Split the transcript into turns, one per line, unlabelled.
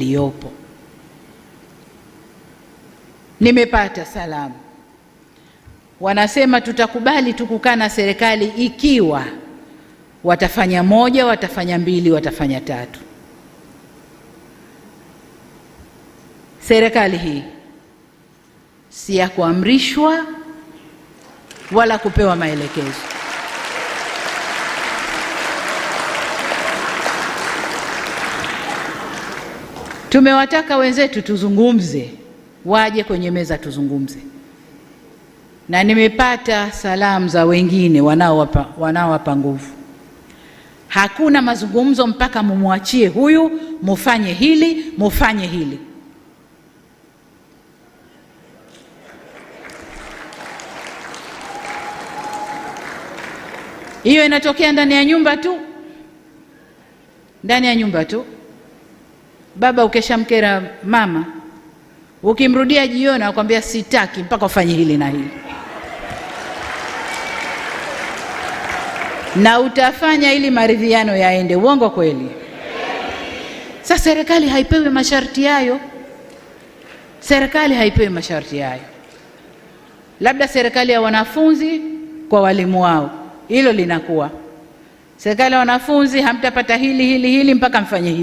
liyopo. Nimepata salamu, wanasema tutakubali tu kukaa na serikali ikiwa watafanya moja, watafanya mbili, watafanya tatu. Serikali hii si ya kuamrishwa wala kupewa maelekezo. Tumewataka wenzetu tuzungumze, waje kwenye meza tuzungumze, na nimepata salamu za wengine wanaowapa wanaowapa nguvu. Hakuna mazungumzo mpaka mumwachie huyu, mufanye hili mufanye hili. Hiyo inatokea ndani ya nyumba tu, ndani ya nyumba tu baba ukeshamkera mama, ukimrudia jioni akwambia sitaki mpaka ufanye hili na hili, na utafanya ili maridhiano yaende. Uongo kweli? Sasa serikali haipewi masharti hayo, serikali haipewi masharti hayo. Labda serikali ya wanafunzi kwa walimu wao, hilo linakuwa serikali ya wanafunzi, hamtapata hili hili hili mpaka mfanye hili.